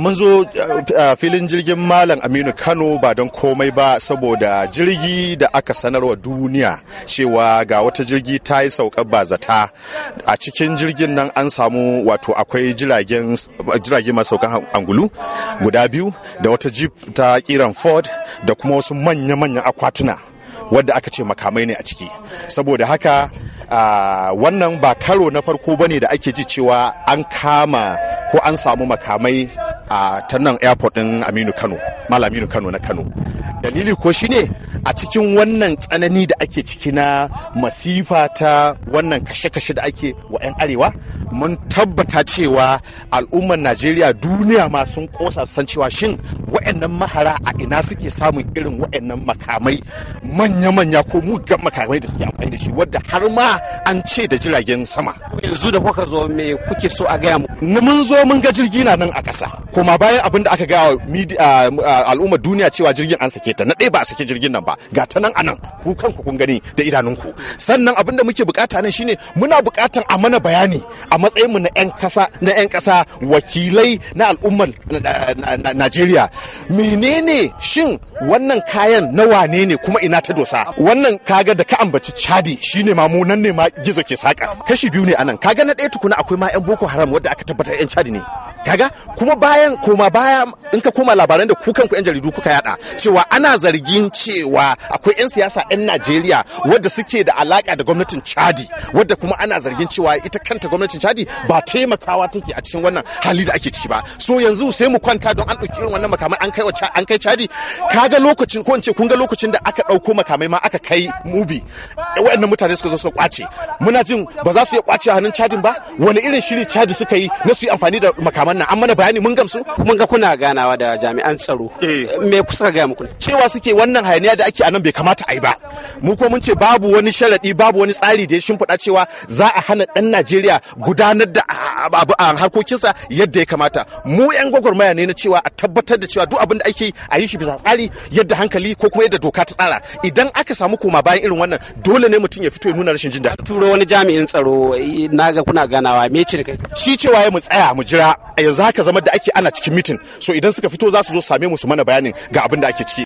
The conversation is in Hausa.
mun zo eh, a filin jirgin malam aminu kano ba don komai ba saboda jirgi da aka sanar wa duniya cewa ga wata jirgi ta yi saukar bazata a cikin jirgin nan an samu wato akwai jiragen masu saukan angulu guda biyu da wata jeep ta kiran ford da kuma wasu manya-manyan akwatuna wadda aka ce makamai ne a ciki saboda haka wannan ba karo na farko ne da ake ji cewa an kama ko an samu makamai a ta nan airport din Aminu Kano Malam Aminu Kano na Kano dalili ko shine a cikin wannan tsanani da ake ciki na masifa ta wannan kashe-kashe da ake wa 'yan arewa mun tabbata cewa al'ummar Najeriya duniya ma sun kosa san cewa shin wa'annan mahara a ina suke samun irin wa'annan makamai manya-manya ko mugan makamai da suke amfani da shi wadda har ma an ce da jiragen sama yanzu da kuka zo me kuke so a gaya mu? mun zo mun ga jirgi na nan a ƙasa kuma bayan abin da aka gaya al'ummar duniya cewa jirgin an sake ta na ɗaya ba a sake jirgin nan ba ga ta nan a nan ku kanku kun gani da idanunku sannan abin da muke bukata nan shine muna bukatan a mana bayani a matsayinmu na 'yan kasa na 'yan kasa wakilai na al'ummar Najeriya menene shin wannan kayan na wane ne kuma ina ta dosa wannan kaga da ka ambaci chadi shine ma mu nan ne ma gizo ke saka kashi biyu ne anan kaga na ɗaya tukuna akwai ma yan boko haram wadda aka tabbatar yan chadi ne kaga kuma bayan koma baya in ka koma labaran da kukan ku yan jaridu kuka yada cewa ana zargin cewa akwai yan siyasa yan Najeriya wadda suke da alaka da gwamnatin Chadi wadda kuma ana zargin cewa ita kanta gwamnatin Chadi ba taimakawa take a cikin wannan hali da ake ciki ba so yanzu sai mu kwanta don an dauki irin wannan makamai an kai an kai Chadi kaga lokacin ko kun ga lokacin da aka dauko makamai ma aka kai mubi wayannan mutane suka zo su kwace muna jin ba za su iya kwace hannun Chadin ba wani irin shiri Chadi suka yi na su yi amfani da makamai wannan an mana bayani mun gamsu mun ga kuna ganawa da jami'an tsaro eh. me kusa ga muku cewa suke wannan hayaniya da ake anan bai kamata a ba mu ko mun ce babu wani sharadi babu wani tsari da ya shimfiɗa cewa za a hana dan Najeriya gudanar da harkokinsa yadda ya kamata mu yan gwagwarmaya ne na cewa a tabbatar da cewa duk abin da ake a yi shi bisa tsari yadda hankali ko kuma yadda doka ta tsara idan aka samu koma bayan irin wannan dole ne mutum ya fito ya nuna rashin jin daɗi turo wani jami'in tsaro eh, naga kuna ganawa me ce kai shi cewa ya mu tsaya mu jira a yanzu haka zama da ake ana cikin mitin so idan suka fito za su zo same mu su mana bayanin ga abin da ake ciki